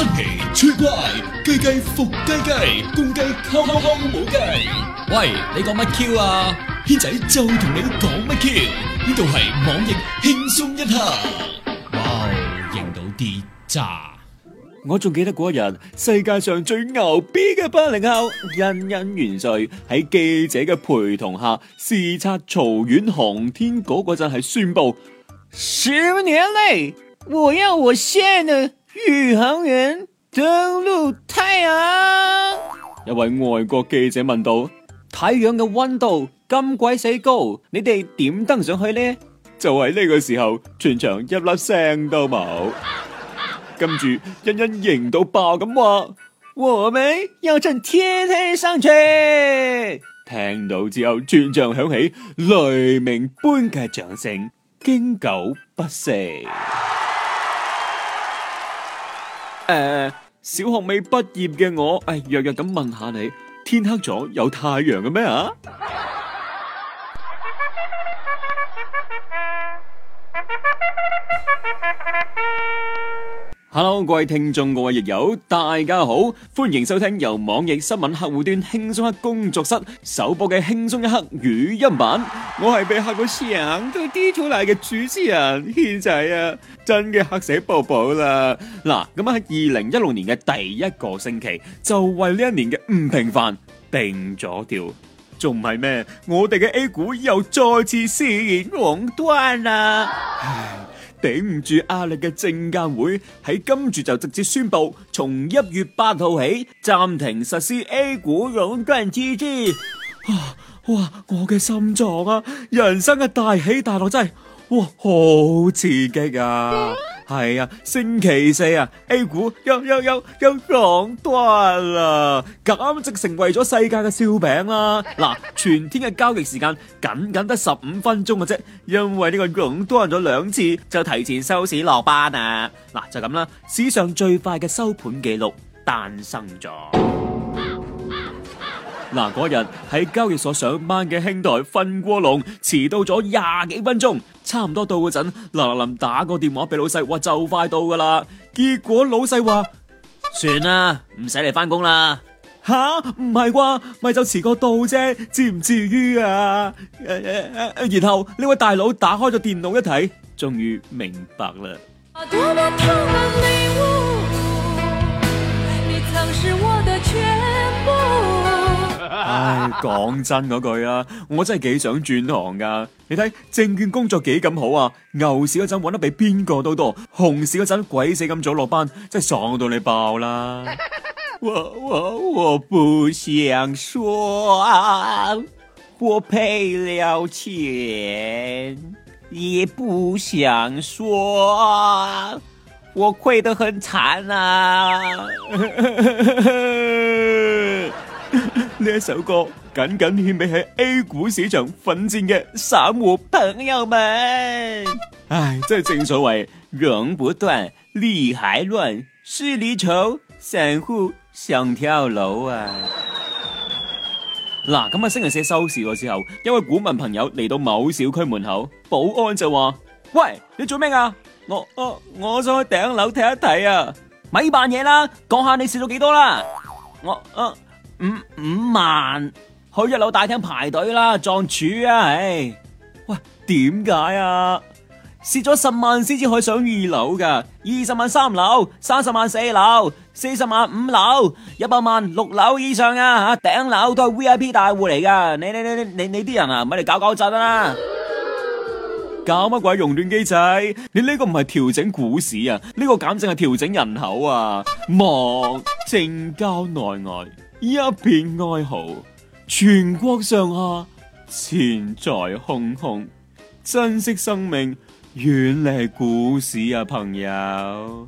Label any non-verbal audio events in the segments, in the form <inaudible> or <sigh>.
新奇趣怪，雞雞伏雞雞，公雞扣扣扣冇雞。喂，你講乜 Q 啊？軒仔就同你講乜 Q？呢度係網易輕鬆一刻。哇、wow, 哦，認到啲咋。我仲記得嗰日世界上最牛逼嘅八零後欣欣元帥喺記者嘅陪同下視察曹縣航天局嗰陣，係宣布：十年內我要我先啊！宇航員登陸太陽，一位外國記者問到：太陽嘅溫度咁鬼死高，你哋點登上去呢？就喺呢個時候，全場一粒聲都冇，跟住欣欣型到爆咁話：我們要趁天黑上去。聽到之後，全場響起雷鳴般嘅掌聲，經久不息。誒，uh, 小學未畢業嘅我，哎，弱弱咁問下你，天黑咗有太陽嘅咩啊？hello，各位聽眾，各位易友，大家好，歡迎收聽由網易新聞客戶端輕鬆一刻工作室首播嘅輕鬆一刻語音版。我係被嚇到成到跌咗瀨嘅主持人軒仔啊，真嘅嚇死寶寶啦！嗱、啊，咁喺二零一六年嘅第一個星期就為呢一年嘅唔平凡定咗調，仲唔係咩？我哋嘅 A 股又再次肆意熔斷啦！唉。頂唔住壓力嘅證監會喺今住就直接宣布，從一月八號起暫停實施 A 股熔斷機制。哇，我嘅心臟啊，人生嘅大起大落真係，哇好刺激啊！係啊，星期四啊，A 股又又又又熔斷啦，簡直成為咗世界嘅笑柄啦！嗱，全天嘅交易時間僅僅得十五分鐘嘅啫，因為呢個熔斷咗兩次，就提前收市落班啊！嗱，就咁啦，史上最快嘅收盤記錄誕生咗。嗱，嗰日喺交易所上班嘅兄台瞓過籠，遲到咗廿幾分鐘。差唔多到嗰陣，嗱嗱臨打個電話俾老細，話就快到噶啦。結果老細話：算啦，唔使你翻工啦。吓、啊，唔係啩？咪就遲、是、過到啫，至唔至於啊？然後呢位大佬打開咗電腦一睇，終於明白了。 <noise> 唉，講真嗰句啊，我真係幾想轉行㗎。你睇證券工作幾咁好啊？牛市嗰陣搵得比邊個都多，熊市嗰陣鬼死咁早落班，真係爽到你爆啦！ <laughs> 我我我不想說我、啊、賠了錢，也不想說、啊、我虧得很慘啊！ <laughs> <laughs> 呢一首歌僅僅獻俾喺 A 股市場奮戰嘅散戶朋友們。唉，真係正所謂融不斷，利還亂，市裏愁，散戶想跳樓啊！嗱，今日星期四收市個時候，一位股民朋友嚟到某小區門口，保安就話：喂，你做咩噶？我、我我想去頂樓睇一睇啊！咪扮嘢啦，講下你蝕咗幾多啦？我、嗯。五五萬去一樓大廳排隊啦，撞柱啊！喂，點解啊？蝕咗十萬先至可以上二樓噶，二十萬三樓，三十萬四樓，四十萬五樓，一百萬六樓以上啊！啊，頂樓都係 VIP 大戶嚟噶，你你你你你你啲人啊，咪嚟搞搞震啊！搞乜鬼熔斷機制？你呢個唔係調整股市啊？呢、這個減正係調整人口啊！望政交內外。一片哀嚎，全國上下錢財空空，珍惜生命，遠離股市啊，朋友。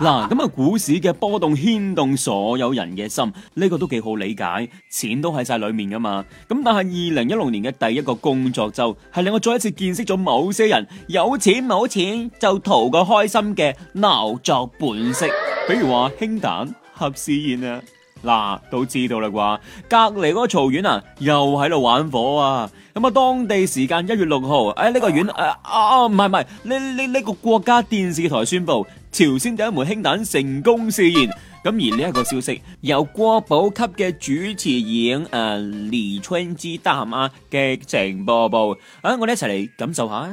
嗱，咁啊，股市嘅波動牽動所有人嘅心，呢個都幾好理解，錢都喺晒裏面噶嘛。咁但係二零一六年嘅第一個工作周，係令我再一次見識咗某些人有錢冇錢就圖個開心嘅鬧作本色，比如話氫彈核試驗啊。嗱，都知道啦啩，隔離嗰個曹縣啊，又喺度玩火啊！咁啊，當地時間一月六號，誒、哎、呢、這個縣，誒啊啊，唔係唔係，呢呢呢個國家電視台宣布，朝鮮第一枚氫彈成功試驗。咁而呢一個消息由國寶級嘅主持演誒、啊、李春之擔任嘅劇情播報，啊，我哋一齊嚟感受下啊！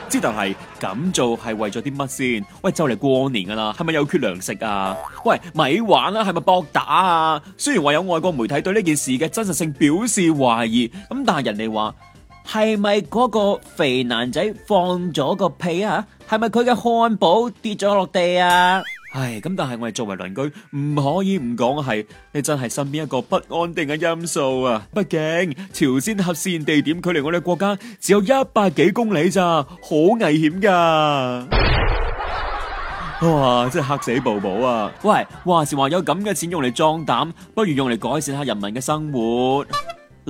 知道係咁做係為咗啲乜先？喂，就嚟過年噶啦，係咪有缺糧食啊？喂，咪玩啊，係咪搏打啊？雖然話有外國媒體對呢件事嘅真實性表示懷疑，咁但係人哋話係咪嗰個肥男仔放咗個屁啊？係咪佢嘅漢堡跌咗落地啊？唉，咁但係我哋作為鄰居，唔可以唔講，係你真係身邊一個不安定嘅因素啊！畢竟朝鮮核試地點距離我哋國家只有一百幾公里咋，好危險噶！啊、哇，真係吓死寶寶啊！喂，話是話有咁嘅錢用嚟壯膽，不如用嚟改善下人民嘅生活。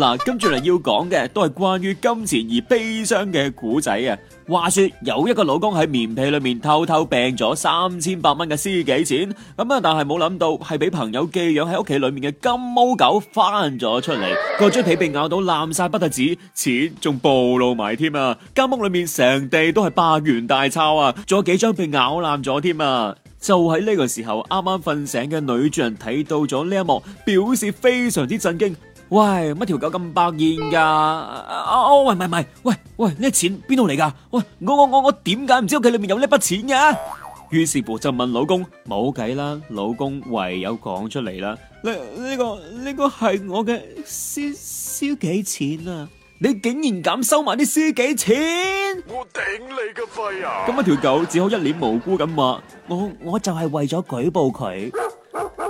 嗱，跟住嚟要講嘅都係關於金錢而悲傷嘅古仔啊！話說有一個老公喺棉被裏面偷偷病咗三千八蚊嘅私己錢，咁、嗯、啊，但係冇諗到係俾朋友寄養喺屋企裏面嘅金毛狗翻咗出嚟，嗯、個張被被咬到爛晒不,不得止，錢仲暴露埋添啊！間屋裏面成地都係百元大鈔啊，仲有幾張被咬爛咗添啊！就喺呢個時候啱啱瞓醒嘅女主人睇到咗呢一幕，表示非常之震驚。喂，乜條狗咁百厭噶？阿、啊、哦，喂，咪咪，喂喂，呢啲錢邊度嚟噶？喂，我我我我點解唔知屋企裏面有呢筆錢嘅、啊？於是乎就問老公，冇計啦，老公唯有講出嚟啦。呢呢個呢個係我嘅私私己錢啊！你竟然敢收埋啲私己錢？我頂你個肺啊！咁啊條狗只好一臉無辜咁話，我我就係為咗舉報佢。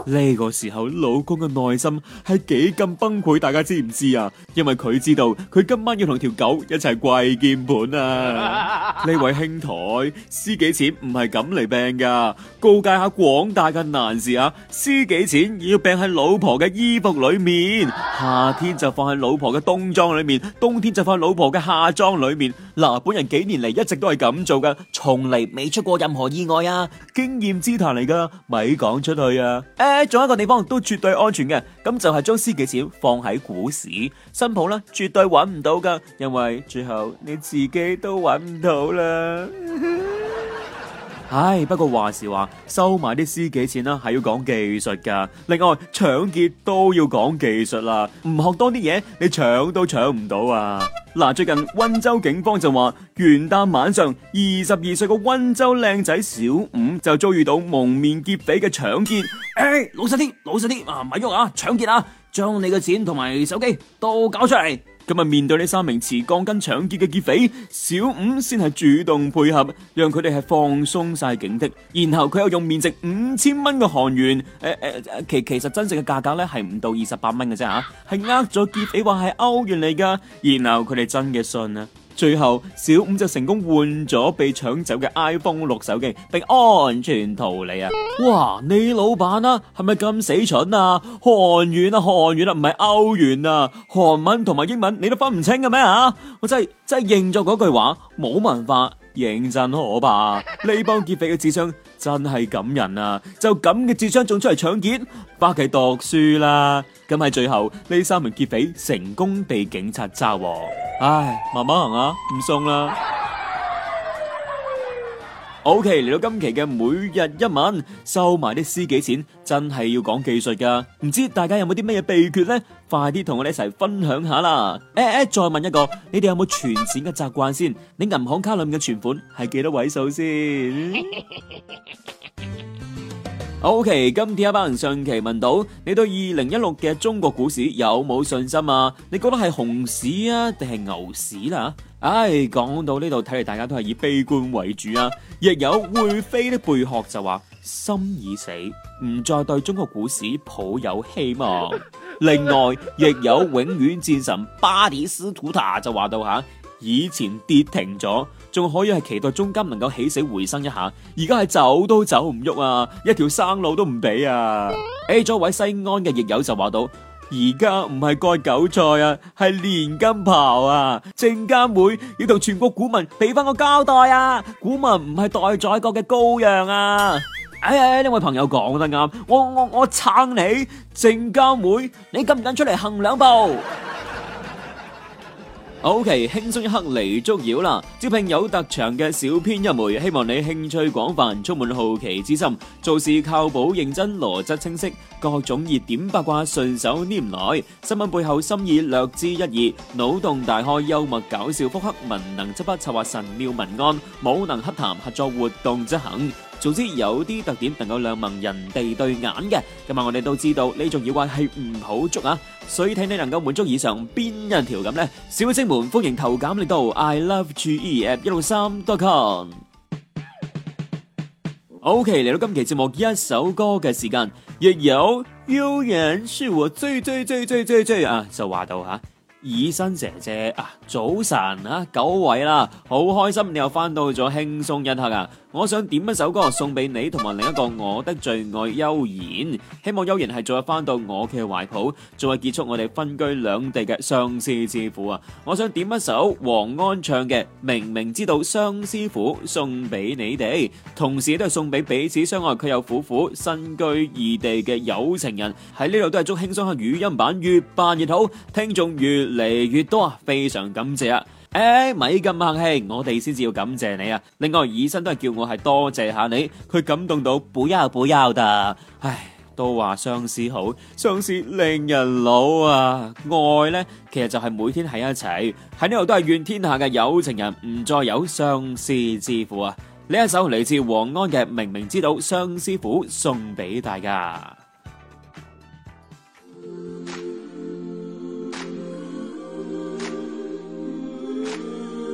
呢個時候，老公嘅內心係幾咁崩潰，大家知唔知啊？因為佢知道佢今晚要同條狗一齊跪鍵盤啊！呢 <laughs> 位兄台，私房錢唔係咁嚟病噶，告誡下廣大嘅男士啊，私房錢要病喺老婆嘅衣服裏面，夏天就放喺老婆嘅冬裝裏面，冬天就放喺老婆嘅夏裝裏面。嗱，本人幾年嚟一直都係咁做噶，從嚟未出過任何意外啊，經驗之談嚟噶，咪講出去啊！誒，仲有一個地方都絕對安全嘅，咁就係將私己錢放喺股市，新抱啦，絕對揾唔到噶，因為最後你自己都揾唔到啦。唉，不過話時話，收埋啲私己錢啦，係要講技術㗎。另外，搶劫都要講技術啦，唔學多啲嘢，你搶都搶唔到啊！嗱、啊，最近溫州警方就話，元旦晚上，二十二歲個溫州靚仔小五就遭遇,到蒙面劫匪嘅搶劫。誒、哎，老實啲，老實啲啊，唔係喐啊，搶劫啊，將你嘅錢同埋手機都搞出嚟。咁啊！面對呢三名持鋼筋搶劫嘅劫匪，小五先係主動配合，讓佢哋係放鬆晒警惕。然後佢又用面值五千蚊嘅韓元，誒、呃、誒、呃，其其實真實嘅價格咧係唔到二十八蚊嘅啫吓，係呃咗劫匪話係歐元嚟噶。然後佢哋真嘅信啦。最後，小五就成功換咗被搶走嘅 iPhone 六手機，並安全逃離啊！哇，你老闆啊，係咪咁死蠢啊？韓元啊，韓元啊，唔係歐元啊，韓文同埋英文你都分唔清嘅咩啊？我真係真係應咗嗰句話，冇文化，認真可怕。呢幫劫匪嘅智商。真係感人啊！就咁嘅智商仲出嚟搶劫，百祈讀書啦！咁喺最後，呢三名劫匪成功被警察抓獲。唉，慢慢行啊，唔送啦。O K，嚟到今期嘅每日一問，收埋啲私己錢真係要講技術噶，唔知大家有冇啲咩秘訣呢？快啲同我哋一齊分享下啦！誒、欸、誒、欸，再問一個，你哋有冇存錢嘅習慣先？你銀行卡裏面嘅存款係幾多位數先？ <laughs> O、okay, K，今天一班人上期問到你對二零一六嘅中國股市有冇信心啊？你覺得係熊市啊，定係牛市啦，啊？唉、哎，講到呢度，睇嚟大家都係以悲觀為主啊。亦有會飛的貝殼就話心已死，唔再對中國股市抱有希望。另外，亦有永遠戰神巴迪斯圖塔就話到吓。啊以前跌停咗，仲可以係期待中間能夠起死回生一下，而家係走都走唔喐啊，一條生路都唔俾啊 <noise> ！A，咗位西安嘅亦友就話到，而家唔係割韭菜啊，係連根刨啊！證監會要同全國股民俾翻個交代啊！股民唔係待宰國嘅羔羊啊！哎哎，呢位朋友講得啱，我我我撐你，證監會，你敢唔敢出嚟行兩步？OK，輕鬆一刻嚟捉妖啦！招聘有特長嘅小編一枚，希望你興趣廣泛，充滿好奇之心，做事靠譜認真，邏輯清晰，各種熱點八卦順手拈來，新聞背後心意略知一二，腦洞大開，幽默搞笑，腹黑文能執筆策劃神妙文案，武能洽談合作活動執行。總之有啲特點能夠亮盲人哋對眼嘅，今日我哋都知道呢種妖怪係唔好捉啊，所以睇你能夠滿足以上邊一條咁呢？小晶們歡迎投簡歷嚟到 I Love G E App 一六三 dot com。OK 嚟到今期節目，一首歌嘅時間。亦有有人是我追追追追追追，追啊就話到吓、啊，以身姐姐啊早晨，啊久違啦、啊，好開心你又翻到咗輕鬆一刻啊！我想點一首歌送俾你同埋另一個我的最愛悠然，希望悠然係再翻到我嘅懷抱，再結束我哋分居兩地嘅相思之苦啊！我想點一首黃安唱嘅《明明知道相思苦》送俾你哋，同時都係送俾彼此相愛卻有苦苦身居異地嘅有情人。喺呢度都係祝輕鬆下語音版越辦越好，聽眾越嚟越多啊！非常感謝啊！誒，咪咁、欸、客氣，我哋先至要感謝你啊。另外，醫生都係叫我係多謝下你，佢感動到不要不要的。唉，都話相思好，相思令人老啊。愛呢，其實就係每天喺一齊喺呢度，都係願天下嘅有情人唔再有相思之苦啊。呢一首嚟自黃安嘅《明明知道相思苦》，送俾大家。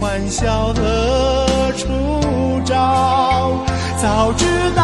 歡笑何處找，早知道。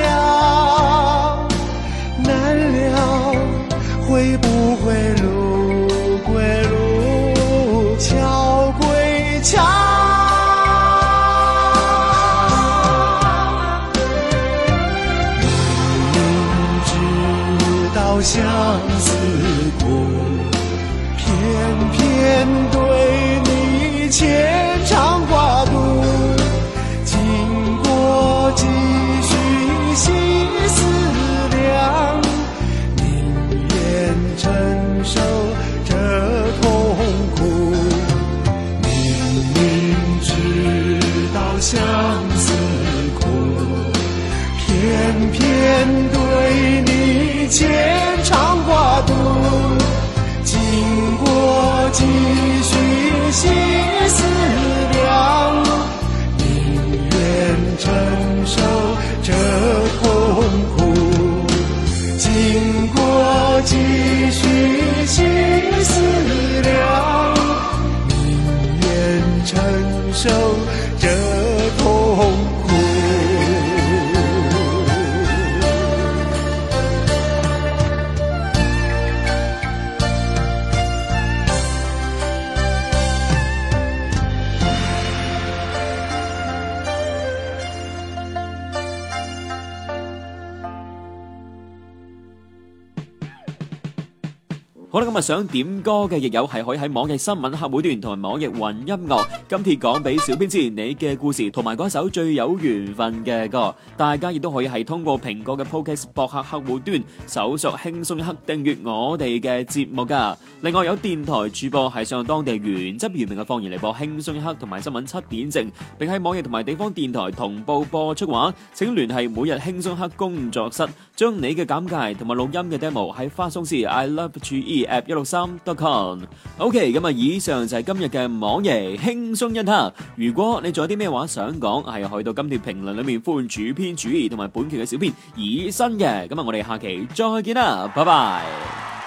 面對你牽腸掛肚，經過幾許相思。今日想點歌嘅益友係可以喺網易新聞客戶端同埋網易雲音樂，今次講俾小編知你嘅故事同埋嗰首最有緣分嘅歌，大家亦都可以係通過蘋果嘅 Podcast 博客客戶端搜索輕鬆一刻訂閱」，訂閱我哋嘅節目噶。另外有電台主播係上當地原汁原味嘅方言嚟播輕鬆一刻同埋新聞七點正，並喺網頁同埋地方電台同步播出話。請聯繫每日輕鬆一刻工作室，將你嘅簡介同埋錄音嘅 demo 喺發送至 I Love G E App 一六三 dot com。OK，咁啊，以上就係今日嘅網易輕鬆一刻。如果你仲有啲咩話想講，係去到今條評論裏面歡迎主編主義同埋本期嘅小編以新嘅。咁啊，我哋下期再見啦，拜拜。